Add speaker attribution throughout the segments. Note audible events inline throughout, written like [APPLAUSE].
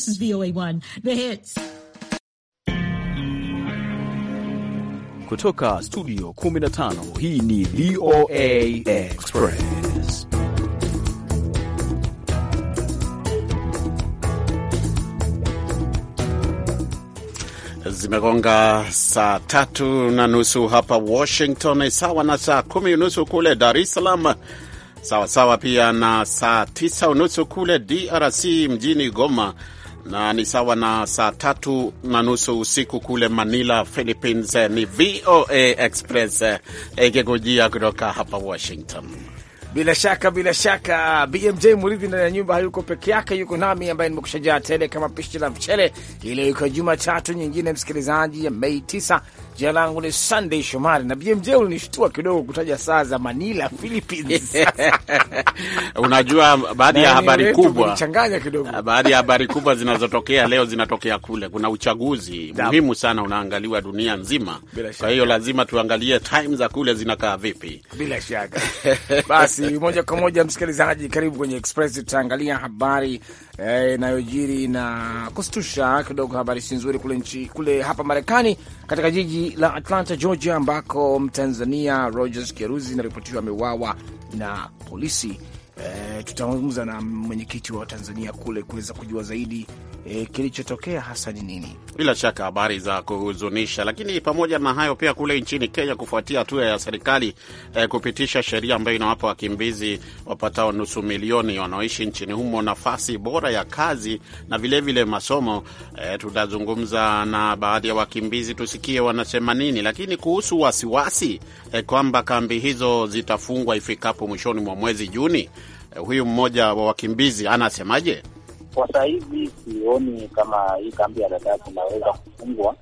Speaker 1: This is VOA1, The Hits.
Speaker 2: Kutoka studio 15 hii ni VOA Express.
Speaker 3: Zimegonga saa tatu na nusu hapa Washington, sawa na saa kumi nusu kule Dar es Salaam sawasawa sawa pia na saa tisa unusu kule DRC mjini Goma na ni sawa na saa tatu na nusu usiku kule Manila, Philippines. Ni VOA Express eh, ikikujia kutoka hapa Washington. Bila
Speaker 4: shaka bila shaka, BMJ Muridhi ndani ya nyumba hayuko peke yake, yuko nami ambaye nimekushajaa tele kama pishi la mchele. Ile leo iko Jumatatu nyingine, msikilizaji, ya Mei 9 Jina langu ni Sunday Shomari na BMJ, ulinishtua kidogo kutaja saa za Manila, Philippines.
Speaker 3: [LAUGHS] Unajua, baadhi ya habari kubwa baadhi ya habari kubwa zinazotokea leo zinatokea kule. Kuna uchaguzi Dab. muhimu sana unaangaliwa dunia nzima, kwa hiyo lazima tuangalie time za kule zinakaa vipi. Bila shaka [LAUGHS] basi,
Speaker 4: moja kwa moja msikilizaji, karibu kwenye Express, tutaangalia habari Eh, inayojiri e, na kustusha kidogo. Habari si nzuri kule nchi kule hapa Marekani, katika jiji la Atlanta, Georgia, ambako Mtanzania Rogers Keruzi inaripotiwa ameuawa na polisi E, tutazungumza na mwenyekiti wa Tanzania kule kuweza kujua zaidi e, kilichotokea hasa ni nini.
Speaker 3: Bila shaka habari za kuhuzunisha, lakini pamoja na hayo pia kule nchini Kenya kufuatia hatua ya serikali e, kupitisha sheria ambayo inawapa wakimbizi wapatao nusu milioni wanaoishi nchini humo nafasi bora ya kazi na vilevile vile masomo. E, tutazungumza na baadhi ya wakimbizi tusikie wanasema nini, lakini kuhusu wasiwasi e, kwamba kambi hizo zitafungwa ifikapo mwishoni mwa mwezi Juni Eh, huyu mmoja wa wakimbizi anasemaje?
Speaker 5: Kwa sasa hivi sioni kama hii kambi ya Dadaab inaweza kufungwa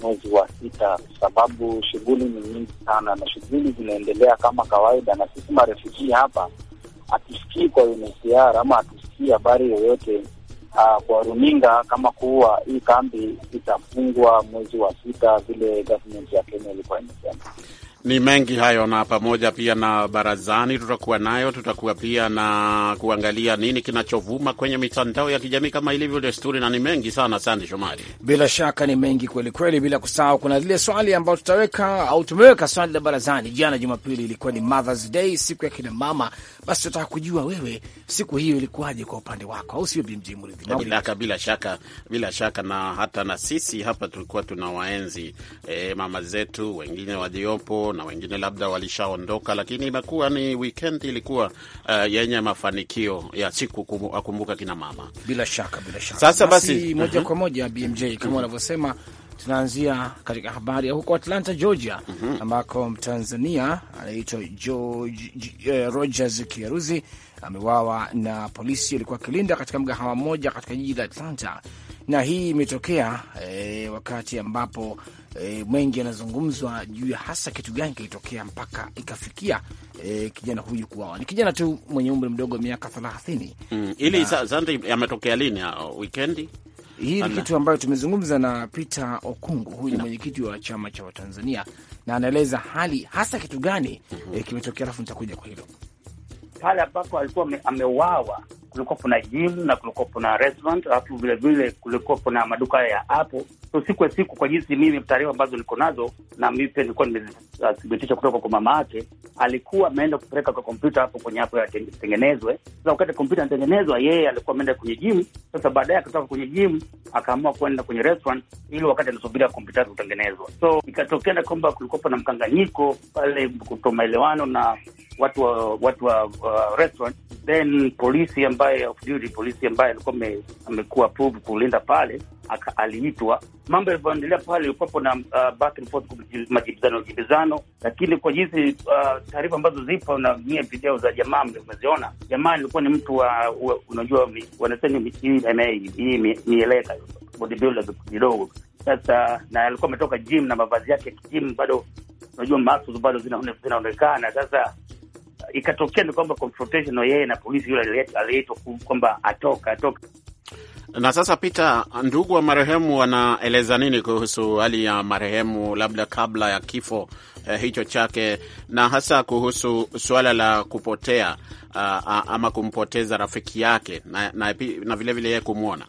Speaker 5: mwezi wa sita, kwa sababu shughuli ni nyingi sana na shughuli zinaendelea kama kawaida, na sisi marefugii hapa hatusikii kwa UNHCR ama hatusikii habari yoyote Uh, kwa runinga kama kuwa hii kambi itafungwa mwezi wa sita vile government ya Kenya
Speaker 6: ilikuwa imesema.
Speaker 3: Ni mengi hayo, na pamoja pia na barazani tutakuwa nayo. Tutakuwa pia na kuangalia nini kinachovuma kwenye mitandao ya kijamii kama ilivyo desturi, na ni mengi sana. Sande Shomari,
Speaker 4: bila shaka ni mengi kweli kweli, bila kusahau kuna lile swali ambayo tutaweka au tumeweka swali la barazani. Jana Jumapili ilikuwa ni Mother's Day, siku ya kina mama. Basi tutaka kujua wewe, siku hiyo ilikuwaje kwa upande wako, au sio? Bila,
Speaker 3: bila shaka, bila shaka, na hata na sisi hapa tulikuwa tunawaenzi eh, mama zetu wengine waliopo na wengine labda walishaondoka, lakini imekuwa ni weekend ilikuwa uh, yenye mafanikio ya siku kumbuka kina mama.
Speaker 4: Bila shaka, bila
Speaker 3: shaka. Sasa basi, basi moja uh mhm. -huh. kwa
Speaker 4: moja BMJ kama wanavyosema uh -huh. Tunaanzia katika habari ya huko Atlanta, Georgia mhm. ambako Mtanzania anaitwa uh, Rogers Kiaruzi amewawa na polisi alikuwa akilinda katika mgahawa mmoja katika jiji la Atlanta, na hii imetokea eh, wakati ambapo e, mengi yanazungumzwa juu ya hasa kitu gani kilitokea mpaka ikafikia e, kijana huyu kuwawa. Ni kijana tu mwenye umri mdogo wa miaka thelathini.
Speaker 3: Mm, ili sante yametokea lini? Uh, Wikendi hii ni kitu
Speaker 4: ambayo tumezungumza na Peter Okungu, huyu ni mwenyekiti wa chama cha Watanzania na anaeleza hali hasa kitu gani mm -hmm. e, kimetokea, alafu nitakuja kwa hilo
Speaker 7: pale ambapo alikuwa ameuawa kulikuwa kuna gym na kulikuwa kuna restaurant, alafu vile vile kulikuwa kuna maduka ya hapo. So siku ya siku, kwa jinsi mimi taarifa ambazo niko nazo na mimi pia nilikuwa nimethibitisha kutoka kwa mama yake, alikuwa ameenda kupeleka kwa kompyuta hapo kwenye hapo yatengenezwe. Sasa wakati kompyuta anatengenezwa, yeye alikuwa ameenda kwenye gym. Sasa baadaye akatoka kwenye gym akaamua kuenda kwenye restaurant ili wakati anasubiria kompyuta yake kutengenezwa. So ikatokea kwamba kulikuwa na mkanganyiko pale, kuto maelewano na watu wa watu wa uh, restaurant then polisi ambaye of duty, polisi ambaye alikuwa amekuwa approved kulinda pale aliitwa. Mambo yalivyoendelea pale, ilikuwapo na uh, back and forth, majibizano majibizano, lakini kwa jinsi uh, taarifa ambazo zipo na mie video za jamaa mmeziona, jamaa alikuwa ni mtu wa uh, unajua wanasema hii MMA hii mieleka bodybuilder kidogo sasa, na alikuwa ametoka gym na mavazi yake ya gym bado unajua muscles bado zinaonekana sasa ikatokea ni kwamba confrontation yeye na polisi yule aliyeitwa kwamba atoka atoka.
Speaker 3: Na sasa, Peter, ndugu wa marehemu wanaeleza nini kuhusu hali ya marehemu, labda kabla ya kifo eh, hicho chake, na hasa kuhusu suala la kupotea ah, ah ama kumpoteza rafiki yake na, na, na vile vile yeye kumwona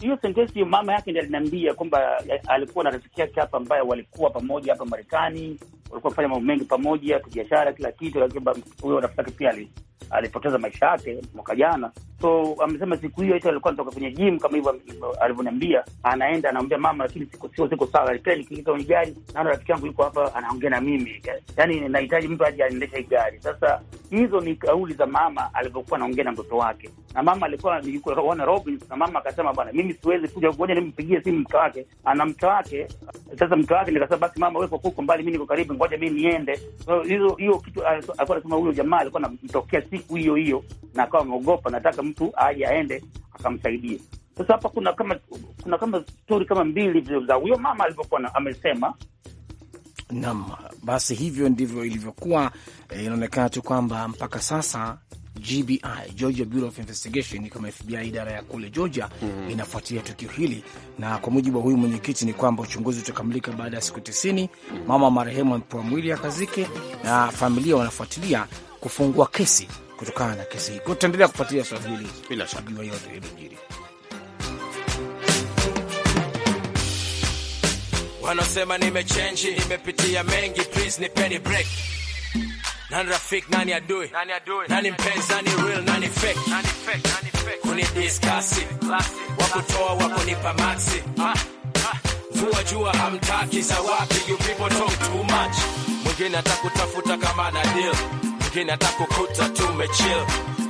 Speaker 7: hiyo sentensi mama yake ndiye aliniambia kwamba eh, alikuwa na rafiki yake hapa ambaye walikuwa pamoja hapa Marekani walikuwa kufanya mambo mengi pamoja, kibiashara, kila kitu, lakini huyo rafiki yake pia alipoteza maisha yake mwaka jana. So amesema siku hiyo ita alikuwa anatoka kwenye gym kama hivyo alivyoniambia, anaenda anamwambia mama, lakini siko sio siko sawa, alipeni nikiingia kwenye gari, naona rafiki yangu yuko hapa anaongea na mimi, yani nahitaji mtu aje aendeshe gari. Sasa hizo ni kauli za mama alivyokuwa anaongea na mtoto wake, na mama alikuwa yuko Wana Robins, na mama akasema, bwana, mimi siwezi kuja kuoja, nimpigie simu mke wake, ana mke wake. Sasa mke wake nikasema, basi mama, wewe kwa mbali, mimi niko karibu ngoja mi niende. hiyo hiyo kitu alikuwa anasema huyo jamaa alikuwa anamtokea siku hiyo hiyo, na akawa ameogopa, nataka mtu aje aende akamsaidia. Sasa hapa kuna kama kuna kama stori kama mbili vile za huyo mama alivyokuwa amesema.
Speaker 4: Naam, basi hivyo ndivyo ilivyokuwa. Eh, inaonekana tu kwamba mpaka sasa GBI, Georgia Bureau of Investigation, kama FBI idara ya kule Georgia mm -hmm. inafuatilia tukio hili, na kwa mujibu wa huyu mwenyekiti ni kwamba uchunguzi utakamilika baada ya siku tisini. mm -hmm. Mama marehemu amepewa mwili akazike, na familia wanafuatilia kufungua kesi kutokana na kesi hii. Tutaendelea kufuatilia swala hili bila shaka yote iliyojiri.
Speaker 2: Wanasema nimechenji, nimepitia mengi, please nipeni break nani rafiki, nani adui, nani mpenzi, nani real, nani fake, nani fake, nani fake, kunidiskasi wakutoa, nipa maxi vua ah, ah. jua, hamtaki za wapi? You people talk too much. Mwingine atakutafuta kama na deal, mwingine atakukuta tumechill,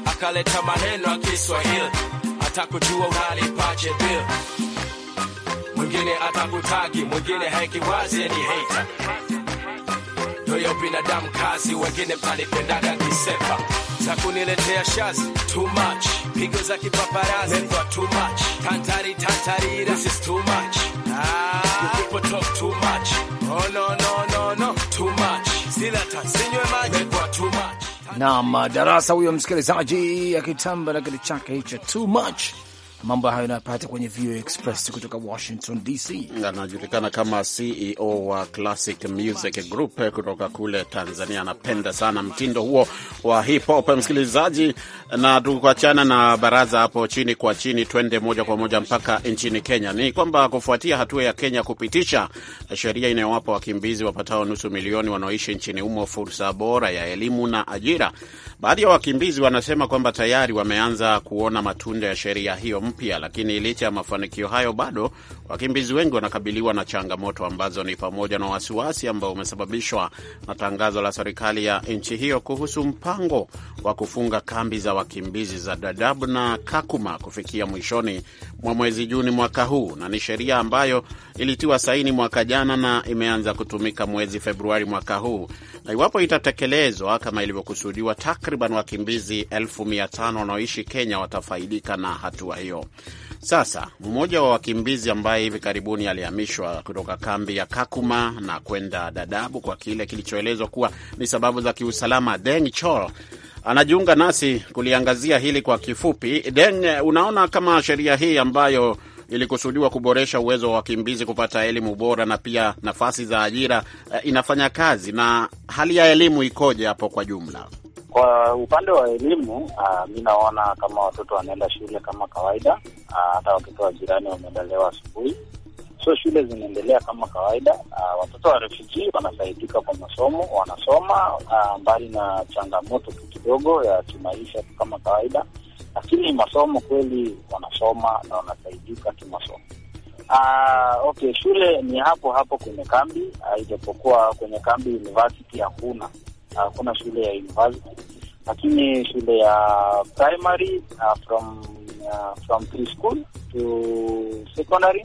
Speaker 2: akaleta maneno ya Kiswahili, atakujua unalipaje bill mwingine atakutagi, mwingine haikiwazi ni hater ndoyo binadamu kazi, wengine mtanipendaga kisepa za kuniletea shazi too much, pigo za kipaparazi too much, tantari tantari, this is too much ah, people talk too much, oh no no no no too much, sila tansinywe maji too much
Speaker 4: na madarasa. Huyo msikilizaji akitamba na kitu chake hicho too much Mambo hayo unayopata kwenye VOA Express kutoka Washington DC.
Speaker 3: Anajulikana kama CEO wa Classic Music Group kutoka kule Tanzania. Anapenda sana mtindo huo wa hip hop, msikilizaji, na tukuachana na baraza hapo chini kwa chini, twende moja kwa moja mpaka nchini Kenya. Ni kwamba kufuatia hatua ya Kenya kupitisha sheria inayowapa wakimbizi wapatao nusu milioni wanaoishi nchini humo fursa bora ya elimu na ajira, baadhi ya wakimbizi wanasema kwamba tayari wameanza kuona matunda ya sheria hiyo mpya, lakini licha ya mafanikio hayo, bado wakimbizi wengi wanakabiliwa na changamoto ambazo ni pamoja na wasiwasi ambao umesababishwa na tangazo la serikali ya nchi hiyo kuhusu mpango wa kufunga kambi za wakimbizi za Dadaab na Kakuma kufikia mwishoni mwa mwezi Juni mwaka huu, na ni sheria ambayo ilitiwa saini mwaka jana na imeanza kutumika mwezi Februari mwaka huu na iwapo itatekelezwa kama ilivyokusudiwa, takriban wakimbizi elfu mia tano wanaoishi Kenya watafaidika na hatua hiyo. Sasa mmoja wa wakimbizi ambaye hivi karibuni alihamishwa kutoka kambi ya Kakuma na kwenda Dadabu kwa kile kilichoelezwa kuwa ni sababu za kiusalama, Deng Chol anajiunga nasi kuliangazia hili kwa kifupi. Deng, unaona kama sheria hii ambayo ilikusudiwa kuboresha uwezo wa wakimbizi kupata elimu bora na pia nafasi za ajira. Eh, inafanya kazi na hali ya elimu ikoje hapo kwa jumla?
Speaker 5: Kwa upande wa elimu ah, mi naona kama watoto wanaenda shule kama kawaida, ah, hata watoto wa jirani wameendelewa asubuhi, so shule zinaendelea kama kawaida. Uh, watoto wa refuji wanasaidika kwa masomo, wanasoma mbali na changamoto tu kidogo ya kimaisha kama kawaida lakini masomo kweli wanasoma na wanasaidika kimasomo. Ah, okay, shule ni hapo hapo kwenye kambi, ah, ijapokuwa kwenye kambi university hakuna ah, hakuna shule ya university, lakini shule ya primary ah, from from preschool to secondary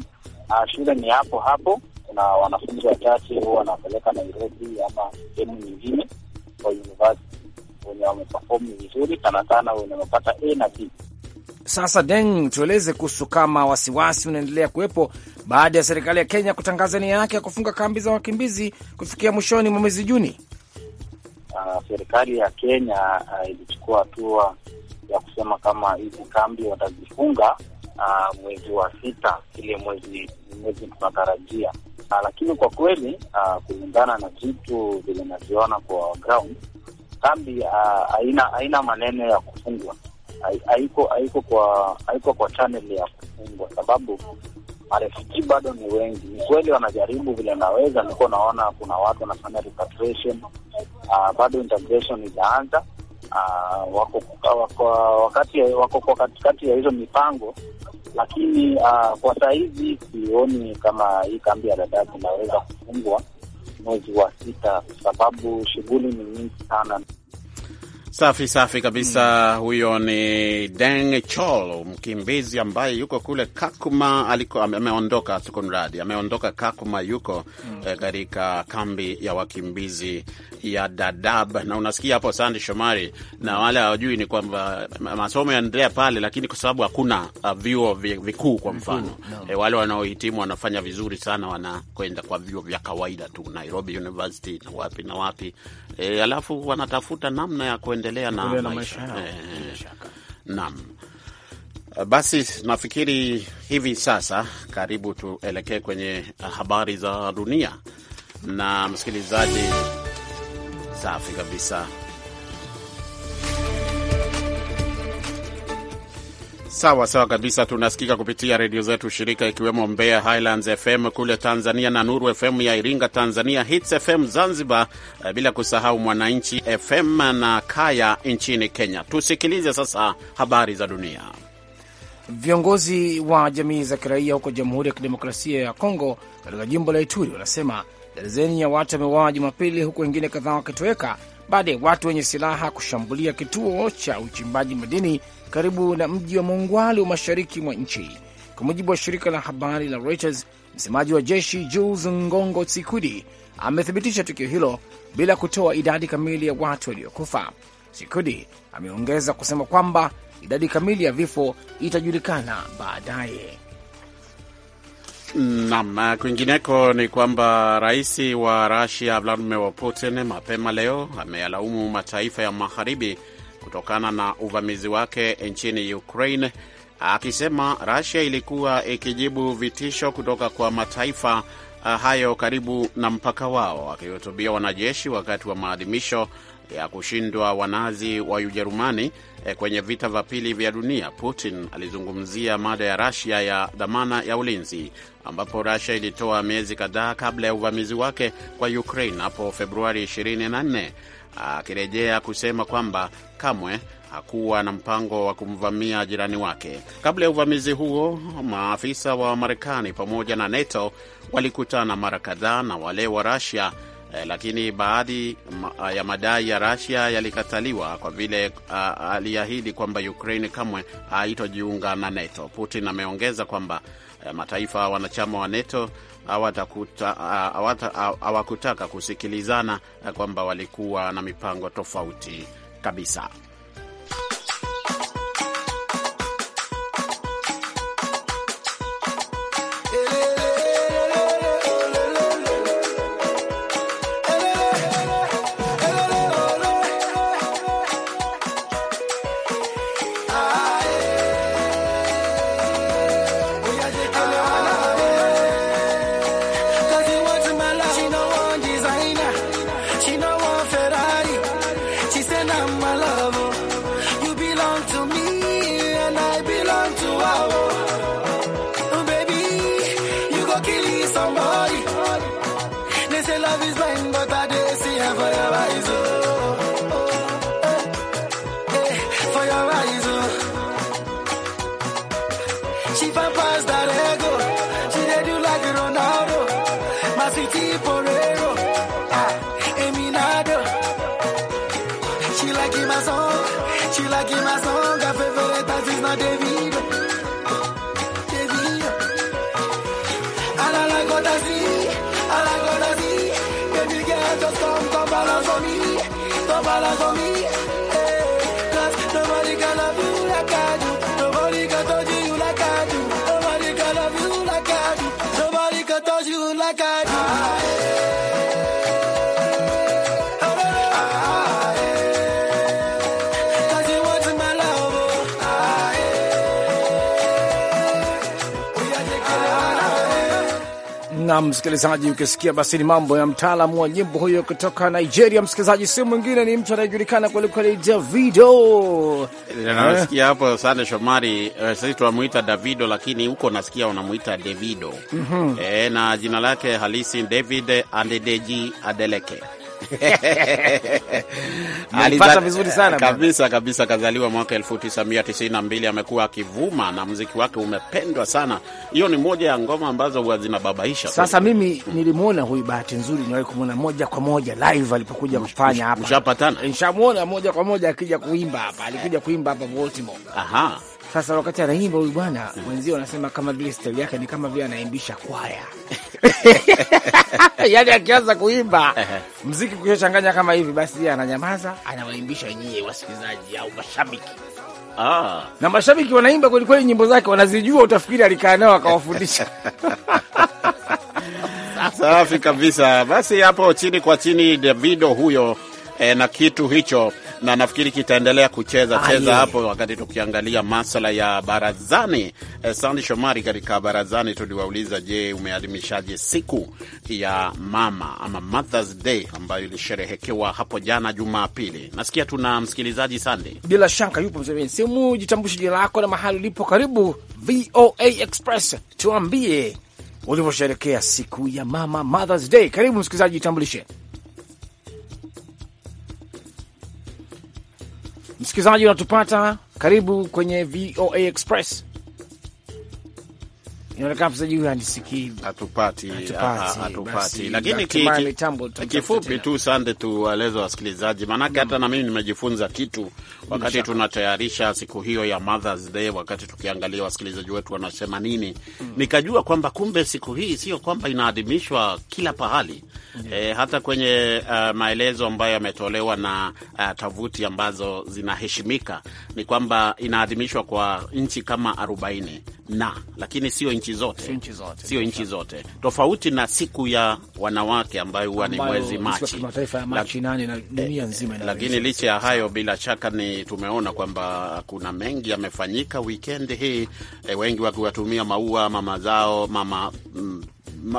Speaker 5: shule ni hapo hapo. Kuna wanafunzi wachache huwa wanapeleka Nairobi ama sehemu nyingine wameperform vizuri sana sana, wamepata A na B.
Speaker 4: Sasa Deng, tueleze kuhusu kama wasiwasi unaendelea kuwepo baada ya serikali ya Kenya kutangaza nia yake ya kufunga kambi za wakimbizi kufikia mwishoni mwa mwezi Juni.
Speaker 5: Uh, serikali ya Kenya uh, ilichukua hatua ya kusema kama hizi kambi watazifunga uh, mwezi wa sita, ile mwezi mwezi tunatarajia, uh, lakini kwa kweli uh, kulingana na vitu vile naviona kwa ground kambi ah, haina haina maneno ya kufungwa, haiko haiko kwa haiko kwa channel ya kufungwa, sababu marefuji bado ni wengi. Ni kweli wanajaribu vile naweza, niko naona kuna watu wanafanya repatriation, ah, bado integration itaanza ah, wako wako wakati wako kwa katikati ya hizo mipango, lakini kwa saa hizi sioni kama hii kambi ya Dadaab inaweza kufungwa mwezi wa sita, sababu shughuli ni nyingi sana.
Speaker 3: Safi safi kabisa. Hmm. Huyo ni Deng Chol, mkimbizi ambaye yuko kule Kakuma aliko, ameondoka tukunradi, ameondoka Kakuma, yuko mm. Eh, katika mm. e, kambi ya wakimbizi ya Dadab, Na unasikia hapo Sandi Shomari, na wale hawajui ni kwamba masomo yaendelea pale, lakini kwa sababu hakuna uh, vyuo vikuu kwa mfano mm. no. e, wale wanaohitimu wanafanya vizuri sana, wanakwenda kwa vyuo vya kawaida tu, Nairobi University na wapi na wapi e, alafu wanatafuta namna ya kwenda kuendelea na, na maisha yao eh, naam. Eh, basi nafikiri hivi sasa karibu tuelekee kwenye habari za dunia na msikilizaji. Safi kabisa. Sawa sawa kabisa. Tunasikika kupitia redio zetu shirika ikiwemo Mbeya Highlands FM kule Tanzania na Nuru FM ya Iringa Tanzania, Hits FM Zanzibar, eh, bila kusahau Mwananchi FM na Kaya nchini Kenya. Tusikilize sasa habari za dunia.
Speaker 4: Viongozi wa jamii za kiraia huko Jamhuri ya Kidemokrasia ya Kongo katika jimbo la Ituri wanasema darizeni ya watu wameuawa Jumapili, huku wengine kadhaa wakitoweka baada ya watu wenye silaha kushambulia kituo cha uchimbaji madini karibu na mji wa wa mashariki mwa nchi, kwa mujibu wa shirika la habari la Reuters. Msemaji wa jeshi Jules Ngongo Tsikudi amethibitisha tukio hilo bila kutoa idadi kamili ya watu waliokufa. Tsikudi ameongeza kusema kwamba idadi kamili ya vifo itajulikana baadaye.
Speaker 3: nam kwingineko ni kwamba rais wa Rusia Vladimir Putin mapema leo ameyalaumu mataifa ya magharibi kutokana na uvamizi wake nchini Ukraine, akisema Russia ilikuwa ikijibu vitisho kutoka kwa mataifa ah, hayo karibu na mpaka wao. Akihutubia wanajeshi wakati wa maadhimisho ya kushindwa wanazi wa Ujerumani eh, kwenye vita vya pili vya dunia, Putin alizungumzia mada ya Russia ya dhamana ya ulinzi, ambapo Russia ilitoa miezi kadhaa kabla ya uvamizi wake kwa Ukraine hapo Februari 24 akirejea kusema kwamba kamwe hakuwa na mpango wa kumvamia jirani wake. Kabla ya uvamizi huo, maafisa wa Marekani pamoja na NATO walikutana mara kadhaa na wale wa Rasia eh, lakini baadhi eh, ya madai ya Rasia yalikataliwa kwa vile uh, aliahidi kwamba Ukraine kamwe haitojiunga uh, na NATO. Putin ameongeza kwamba eh, mataifa wanachama wa NATO Ah, ah, hawakutaka kusikilizana ah, kwamba walikuwa na mipango tofauti kabisa.
Speaker 6: Vaporero, ah, Eminado. She like my song, she like my song. Her favorite dance is not Davido, Davido. And like what I see, I like what I see. Baby girl, just come, come balance on me, come balance on me.
Speaker 4: sana msikilizaji, ukisikia basi ni mambo ya mtaalamu wa nyimbo huyo kutoka Nigeria. Msikilizaji, si mwingine ni mtu anayejulikana kwelikweli, Davido.
Speaker 3: Nasikia hapo sana Shomari, eh, sisi tunamwita Davido, lakini huko nasikia unamwita Davido. mm -hmm. E, na jina lake halisi David Adedeji Adeleke
Speaker 6: [LAUGHS] alipata vizuri
Speaker 3: sana kabisa kabisa. Kazaliwa mwaka 1992 amekuwa akivuma na muziki wake umependwa sana. Hiyo ni moja ya ngoma ambazo huwa zinababaisha. Sasa mimi
Speaker 4: nilimwona huyu, bahati nzuri niwahi kumwona moja kwa moja live alipokuja kufanya hapa.
Speaker 3: Mshapatana? Nishamwona moja kwa moja akija kuimba hapa,
Speaker 4: alikuja kuimba hapa Baltimore. Aha. Sasa wakati anaimba huyu bwana wenzio wanasema kama vile stali yake ni kama vile anaimbisha kwaya [LAUGHS] yani akianza kuimba mziki kushachanganya kama hivi, basi ananyamaza, anawaimbisha nyie wasikilizaji au mashabiki. Ah. Na mashabiki wanaimba kwelikweli, nyimbo zake wanazijua, utafikiri alikaa nao akawafundisha.
Speaker 3: [LAUGHS] Safi kabisa. Basi hapo chini kwa chini Davido huyo eh, na kitu hicho na nafikiri kitaendelea kucheza Aye. Ah, cheza hapo wakati tukiangalia masala ya barazani. Eh, Sandi Shomari, katika barazani tuliwauliza, je, umeadhimishaje siku ya mama ama Mother's Day ambayo ilisherehekewa hapo jana Jumapili? Nasikia tuna msikilizaji Sandi, bila
Speaker 4: shaka yupo mzee simu. Jitambulishe jina lako na mahali ulipo. Karibu VOA Express, tuambie ulivyosherekea siku ya mama Mother's Day. Karibu msikilizaji, jitambulishe. Msikilizaji unatupata, karibu kwenye VOA Express inaonekana mchezaji hanisikii, hatupati hatupati. Lakini
Speaker 3: kifupi tu, sande, tuwaeleze wasikilizaji, maanake hata na mimi nimejifunza kitu wakati tunatayarisha siku hiyo ya Mother's Day, wakati tukiangalia wasikilizaji wetu wanasema nini, nikajua kwamba kumbe siku hii sio kwamba inaadhimishwa kila pahali. E, hata kwenye uh, maelezo ambayo yametolewa na uh, tovuti ambazo zinaheshimika ni kwamba inaadhimishwa kwa nchi kama arobaini na lakini sio nchi zote, sio nchi zote, zote, tofauti na siku ya wanawake ambayo huwa ni mwezi Machi, lakini licha ya hayo, bila shaka ni tumeona kwamba kuna mengi yamefanyika wikendi hii, e, wengi wakiwatumia maua, mama zao mama mm,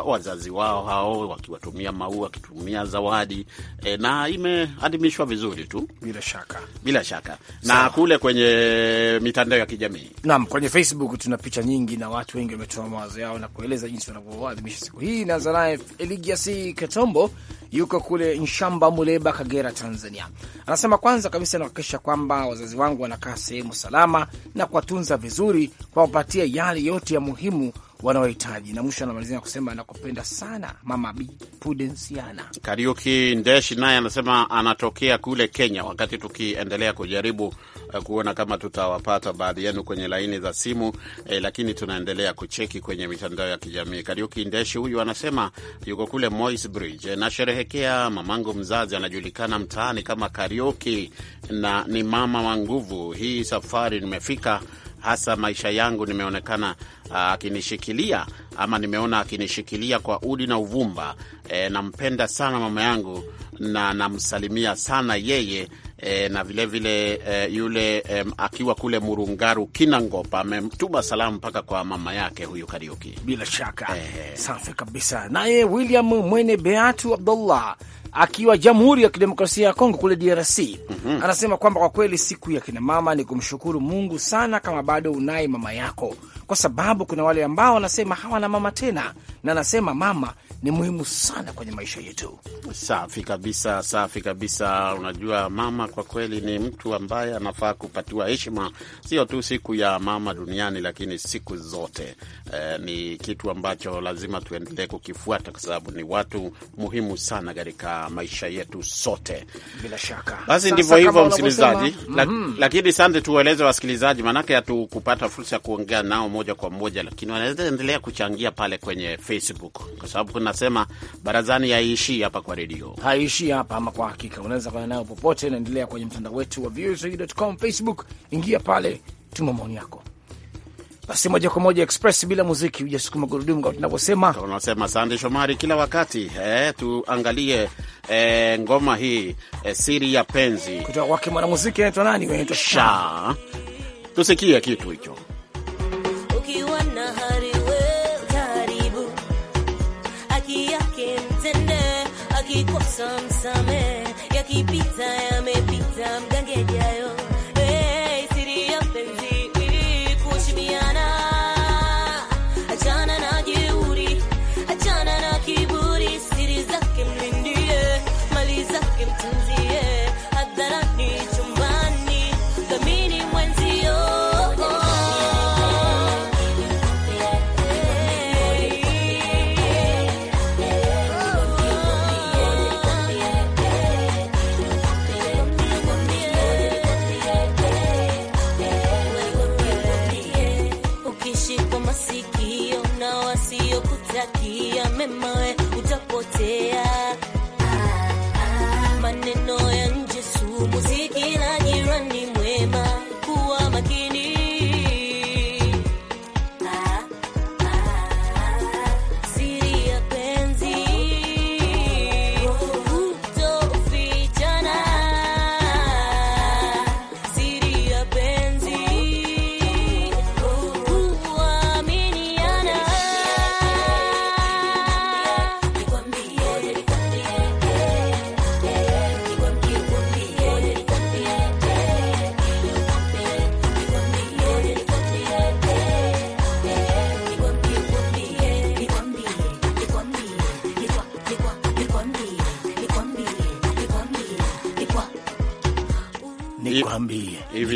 Speaker 3: wazazi wao hao wakiwatumia maua, wakitumia zawadi e, na imeadhimishwa vizuri tu bila shaka, bila shaka na Kule kwenye mitandao ya kijamii
Speaker 4: naam, kwenye Facebook tuna picha nyingi na watu wengi wametoa mawazo yao na kueleza jinsi wanavyoadhimisha siku hii. Naanza naye Eligias Katombo, yuko kule Nshamba, Muleba, Kagera, Tanzania. Anasema kwanza kabisa anahakikisha kwamba wazazi wangu wanakaa sehemu salama na kuwatunza vizuri, kwa kupatia yale yote ya muhimu wanaohitaji. Na mwisho anamalizia kusema anakupenda sana Mama B Pudensiana
Speaker 3: Kariuki Ndeshi, naye anasema anatokea kule Kenya. Wakati tukiendelea kujaribu eh, kuona kama tutawapata baadhi yenu kwenye laini za simu eh, lakini tunaendelea kucheki kwenye mitandao ya kijamii. Kariuki Ndeshi huyu anasema yuko kule Moi's Bridge, eh, nasherehekea mamangu mzazi, anajulikana mtaani kama Kariuki na ni mama wa nguvu. Hii safari nimefika hasa maisha yangu nimeonekana uh, akinishikilia ama nimeona akinishikilia kwa udi na uvumba. E, nampenda sana mama yangu na namsalimia sana yeye e, na vilevile vile, e, yule e, akiwa kule Murungaru Kinangopa ametuma salamu mpaka kwa mama yake huyu Kariuki.
Speaker 4: Bila shaka e, safi kabisa. Naye William Mwene Beatu Abdullah akiwa Jamhuri ya Kidemokrasia ya Kongo kule DRC. mm -hmm. Anasema kwamba kwa kweli siku ya kinamama ni kumshukuru Mungu sana, kama bado unaye mama yako kwa sababu kuna wale ambao wanasema hawana mama tena, na anasema mama ni muhimu sana kwenye maisha yetu.
Speaker 3: Safi kabisa, safi kabisa. Unajua, mama kwa kweli ni mtu ambaye anafaa kupatiwa heshima, sio tu siku ya mama duniani, lakini siku zote. Eh, ni kitu ambacho lazima tuendelee kukifuata kwa sababu ni watu muhimu sana katika maisha yetu sote. Bila shaka, basi ndivyo hivyo msikilizaji. Mhm. Lakini sante, tueleze wasikilizaji, maanake hatukupata fursa ya kuongea nao moja kwa moja, lakini wanaweza endelea kuchangia pale kwenye Facebook, kwa sababu tunasema barazani haiishii hapa kwa redio,
Speaker 4: haiishii hapa ama kwa hakika, unaweza kwenda nayo popote. Naendelea kwenye mtandao wetu wa voa.com Facebook, ingia pale, tuma maoni yako. Basi moja kwa moja express bila muziki
Speaker 3: hujasukuma gurudumu, kama tunavyosema, tunasema sande Shomari kila wakati eh, tuangalie eh, ngoma hii eh, siri ya penzi kutoka kwake mwanamuziki
Speaker 4: anaitwa nani? Anaitwa Sha.
Speaker 3: Tusikie kitu hicho.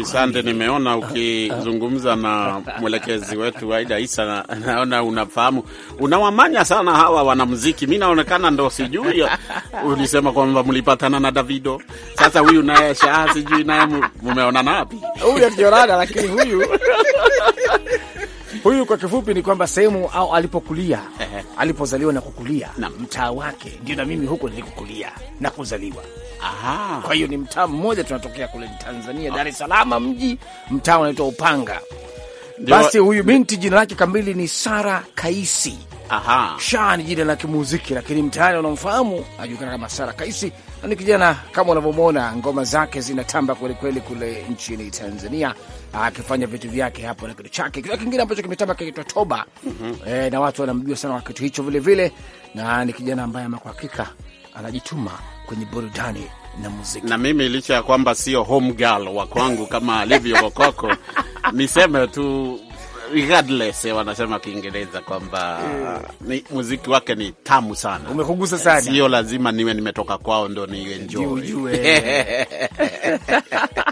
Speaker 3: Sande, nimeona ukizungumza na mwelekezi wetu Aida Isa, naona unafahamu, unawamanya sana hawa wanamuziki. Mi naonekana ndo sijui, ulisema kwamba mlipatana na Davido, sasa huyu naye shaha, sijui naye mumeonana wapi?
Speaker 4: Huyu lakini huyu huyu kwa kifupi ni kwamba sehemu au alipokulia alipozaliwa na kukulia na mtaa wake, ndio na mimi huko nilikukulia na kuzaliwa kwa hiyo ni mtaa mmoja tunatokea kule Tanzania, Dar es Salaam mji, mtaa unaitwa Upanga. Basi huyu binti jina lake kamili ni Sara Kaisi. Aha. Shaa ni jina la kimuziki, lakini mtaani unamfahamu anajulikana kama Sara Kaisi, na ni kijana kama unavyomwona, ngoma zake zinatamba kwelikweli kule nchini Tanzania, akifanya vitu vyake hapo na kitu chake. Kitu kingine ambacho kimetamba kinaitwa Toba. mm -hmm. E, na watu wanamjua sana kwa kitu hicho vilevile, vile, na ni kijana ambaye ama kwa hakika anajituma kwenye burudani
Speaker 3: na muziki. Na mimi licha ya kwamba sio home girl wa kwangu kama alivyo Kokoko, [LAUGHS] niseme tu regardless wanasema Kiingereza kwamba mm, muziki wake ni tamu sana, umekugusa sana. Sio lazima niwe nimetoka kwao ndo nienjoy [LAUGHS]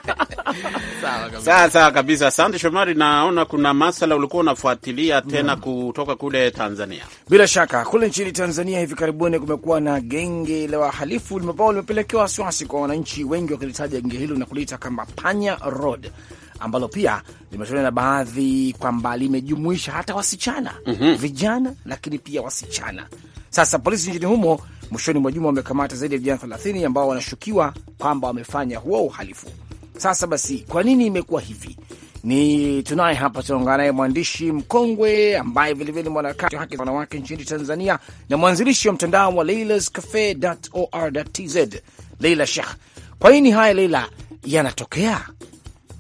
Speaker 3: sawa sawa kabisa. Asante Shomari, naona kuna masala ulikuwa unafuatilia tena mm, kutoka kule Tanzania.
Speaker 4: Bila shaka kule nchini Tanzania hivi karibuni kumekuwa na genge la wahalifu ambao limepelekewa wasiwasi kwa wananchi wengi, wakilitaja genge hilo na kulita kama Panya Road ambalo pia limetolewa na baadhi kwamba limejumuisha hata wasichana mm -hmm. vijana lakini pia wasichana. Sasa polisi nchini humo mwishoni mwa juma wamekamata zaidi ya vijana 30 ambao wanashukiwa kwamba wamefanya huo uhalifu. Sasa basi, kwa nini imekuwa hivi? Ni tunaye hapa, tunaungana naye mwandishi mkongwe ambaye vilevile mwanaharakati wa haki za wanawake nchini Tanzania na mwanzilishi wa mtandao wa leilascafe.or.tz Leila Shekh. Kwa nini haya Leila yanatokea?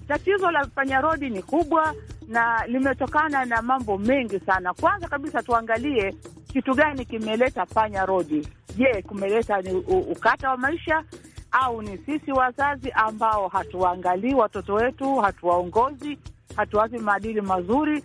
Speaker 8: Tatizo la panyarodi ni kubwa na limetokana na mambo mengi sana. Kwanza kabisa tuangalie kitu gani kimeleta Panya rodi Je, kumeleta ni ukata wa maisha au ni sisi wazazi ambao hatuwaangalii watoto wetu, hatuwaongozi, hatuwapi maadili mazuri,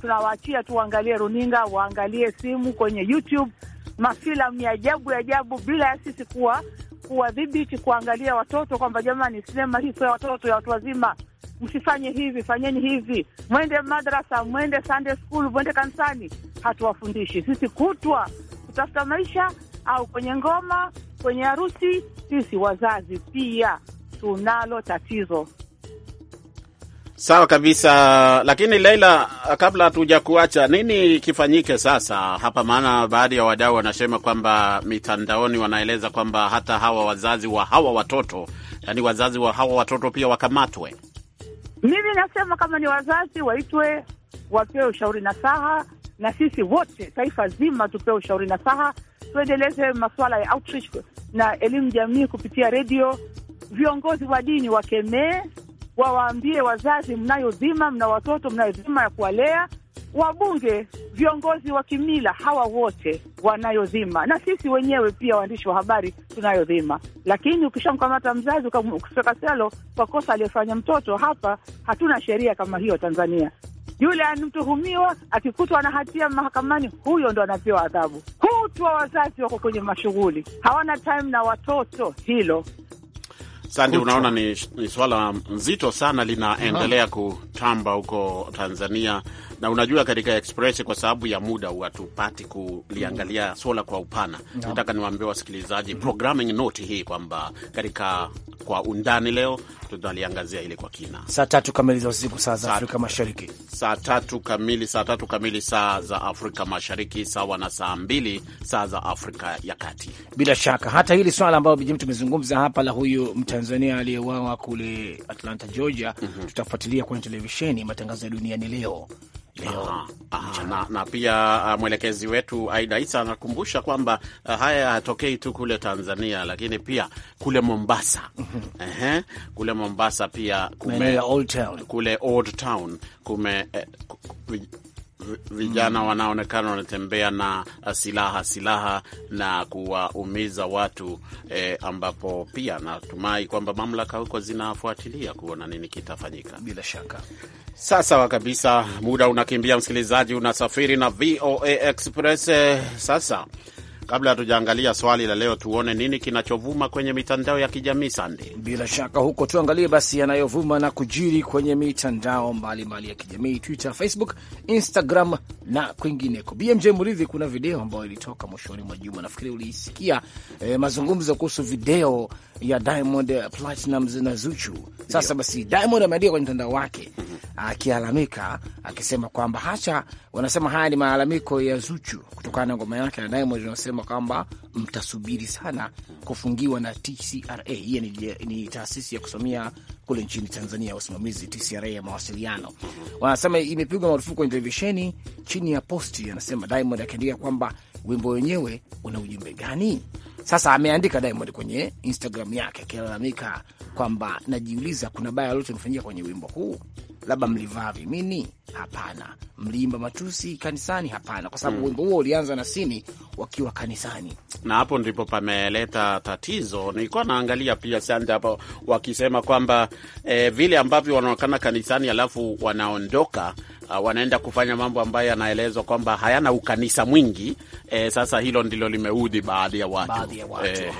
Speaker 8: tunawaachia tu waangalie runinga, waangalie simu kwenye YouTube, mafilamu ya ajabu ya ajabu bila ya sisi kuwa kuwadhibiti, kuangalia watoto kwamba jamani, sinema hii sio ya watoto, ya watu wazima, msifanye hivi, fanyeni hivi, mwende madrasa, mwende Sunday school, mwende kanisani. Hatuwafundishi sisi kutwa kutafuta maisha au kwenye ngoma kwenye harusi, sisi wazazi pia tunalo tatizo.
Speaker 3: Sawa kabisa, lakini Leila, kabla hatuja kuacha, nini kifanyike sasa hapa? Maana baadhi ya wadau wanasema kwamba mitandaoni wanaeleza kwamba hata hawa wazazi wa hawa watoto, yani wazazi wa hawa watoto pia wakamatwe.
Speaker 8: Mimi nasema kama ni wazazi waitwe, wapewe ushauri na saha na sisi wote taifa zima tupewe ushauri na saha tuendeleze masuala ya outreach na elimu jamii kupitia redio. Viongozi wa dini wakemee, wawaambie wazazi, mnayo dhima, mna watoto, mnayo dhima ya kuwalea. Wabunge, viongozi wa kimila, hawa wote wanayo dhima, na sisi wenyewe pia waandishi wa habari tunayo dhima. Lakini ukishamkamata mzazi ukisweka selo kwa kosa aliyofanya mtoto, hapa hatuna sheria kama hiyo Tanzania. Yule mtuhumiwa akikutwa na hatia mahakamani, huyo ndo anapewa adhabu. Kutwa wazazi wako kwenye mashughuli, hawana time na watoto. Hilo
Speaker 3: Sandi, unaona ni, ni swala nzito sana linaendelea kutamba huko Tanzania na unajua, katika Express kwa sababu ya muda huatupati kuliangalia swala kwa upana no. Nataka niwaambie wasikilizaji programming note hii kwamba katika kwa undani leo tutaliangazia ile kwa kina
Speaker 2: saa
Speaker 4: tatu kamili za usiku saa za Afrika Mashariki,
Speaker 3: saa tatu kamili saa tatu kamili saa za Afrika Mashariki, sawa na saa mbili saa za Afrika ya Kati. Bila
Speaker 4: shaka hata hili swala ambalo Bijimu tumezungumza hapa la huyu Mtanzania aliyeuawa kule Atlanta, Georgia mm -hmm. tutafuatilia kwenye televisheni matangazo ya duniani leo
Speaker 3: Aha, Na, na pia uh, mwelekezi wetu Aida Isa anakumbusha kwamba uh, haya hayatokei tu kule Tanzania, lakini pia kule Mombasa uh-huh. [LAUGHS] Kule Mombasa pia kume, Kule Old Town kume, eh, kume vijana mm. wanaonekana wanatembea na uh, silaha silaha na kuwaumiza watu eh, ambapo pia natumai kwamba mamlaka huko zinafuatilia kuona nini kitafanyika. Bila shaka, sasa kabisa. Muda unakimbia, msikilizaji, unasafiri na VOA Express. Eh, sasa Kabla hatujaangalia swali la leo, tuone nini kinachovuma kwenye mitandao ya kijamii Sande.
Speaker 4: Bila shaka huko tuangalie basi yanayovuma na kujiri kwenye mitandao mbalimbali mbali ya kijamii, Twitter, Facebook, Instagram na kwingineko. BMJ Muridhi, kuna video ambayo ilitoka mwishoni mwa juma, nafikiri uliisikia eh, mazungumzo kuhusu video ya Diamond Platinumz na Zuchu. Sasa basi Diamond ameandika kwenye mtandao wake akialamika, akisema kwamba hacha, wanasema haya ni malalamiko ya Zuchu kutokana na ngoma yake na Diamond, wanasema wanasema kwamba mtasubiri sana kufungiwa na TCRA. Hiyo ni, ni taasisi ya kusimamia kule nchini Tanzania, usimamizi TCRA ya mawasiliano. Wanasema imepigwa marufuku kwenye televisheni chini ya posti. Anasema Diamond akiandika kwamba wimbo wenyewe una ujumbe gani? Sasa ameandika Diamond kwenye Instagram yake akilalamika kwamba najiuliza, kuna baya lolote mfanyika kwenye wimbo huu? Labda mlivaa vimini? Hapana. Mliimba matusi kanisani? Hapana, kwa sababu hmm. wimbo hmm, huo ulianza na sini wakiwa kanisani,
Speaker 3: na hapo ndipo pameleta tatizo. Nilikuwa naangalia pia sanda hapo wakisema kwamba eh, vile ambavyo wanaonekana kanisani alafu wanaondoka uh, wanaenda kufanya mambo ambayo yanaelezwa kwamba hayana ukanisa mwingi. E, sasa hilo ndilo limeudhi baadhi ya watu, baadhi ya watu. E,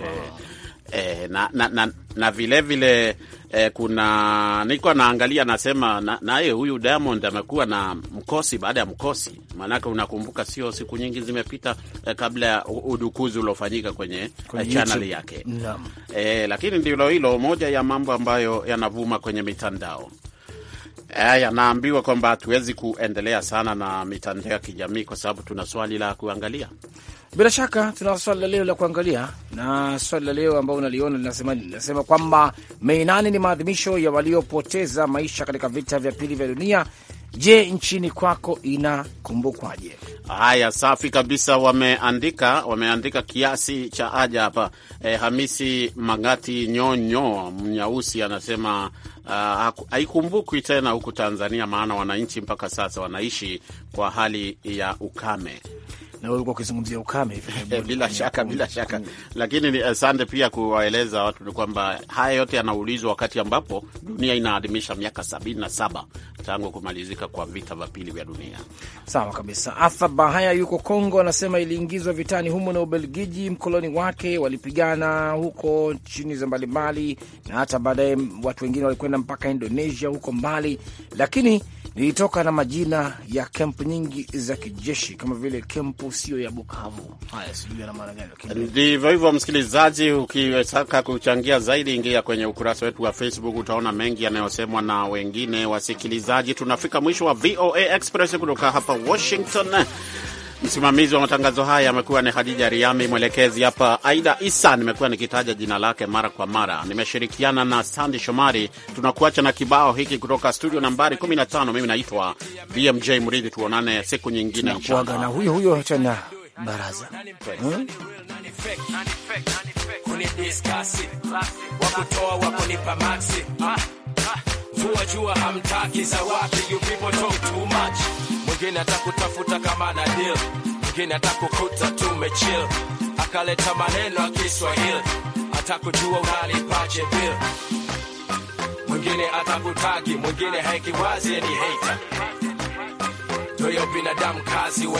Speaker 3: e, na, na, na, na vile vile e, kuna niko naangalia nasema naye na huyu Diamond amekuwa na mkosi baada ya mkosi, maanake unakumbuka sio siku nyingi zimepita e, kabla ya udukuzi uliofanyika kwenye, kwenye chaneli yake e, lakini ndilo hilo moja ya mambo ambayo yanavuma kwenye mitandao Eh, yanaambiwa kwamba hatuwezi kuendelea sana na mitandao ya kijamii kwa sababu tuna swali la kuangalia.
Speaker 4: Bila shaka tuna swali la leo la kuangalia, na swali la leo ambao unaliona linasema Linasema kwamba Mei nane ni maadhimisho ya waliopoteza maisha katika vita vya pili vya dunia Je, nchini kwako inakumbukwaje?
Speaker 3: Haya, safi kabisa. Wameandika wameandika kiasi cha aja hapa. E, Hamisi Magati Nyonyo Mnyausi anasema uh, haikumbukwi tena huku Tanzania, maana wananchi mpaka sasa wanaishi kwa hali ya ukame
Speaker 4: na wewe ulikuwa ukizungumzia ukame hivi eh, Bila shaka, bila shaka, mm.
Speaker 3: lakini asante eh, pia kuwaeleza watu ni kwamba haya yote yanaulizwa wakati ambapo dunia inaadhimisha miaka 77 tangu kumalizika kwa vita vya pili vya dunia. Sawa kabisa.
Speaker 4: Arthur Bahaya yuko Kongo, anasema iliingizwa vitani humo na Ubelgiji mkoloni wake, walipigana huko chini za mbalimbali, na hata baadaye watu wengine walikwenda mpaka Indonesia huko mbali, lakini lilitoka na majina ya kempu nyingi za kijeshi kama vile kempu sio ya Bukavu. Haya, sijui ana maana gani.
Speaker 3: Ndivyo hivyo, msikilizaji, ukitaka kuchangia zaidi, ingia kwenye ukurasa wetu wa Facebook, utaona mengi yanayosemwa na wengine wasikilizaji. Tunafika mwisho wa VOA Express kutoka hapa Washington. Msimamizi wa matangazo haya amekuwa ni Hadija Riami, mwelekezi hapa Aida Isa, nimekuwa nikitaja jina lake mara kwa mara. Nimeshirikiana na Sandi Shomari. Tunakuacha na kibao hiki kutoka studio nambari 15. Mimi naitwa BMJ Mridhi, tuonane siku nyingine kuaga
Speaker 4: na huyo huyo, baraza hmm?
Speaker 2: mwingine atakutafuta kama na deal, mwingine atakukuta tumechill, akaleta maneno ya Kiswahili, atakujua unalipaje bill, mwingine atakutagi mwingine haikiwazi ni hater, ndio binadamu kazi